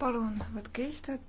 palun võtke istet.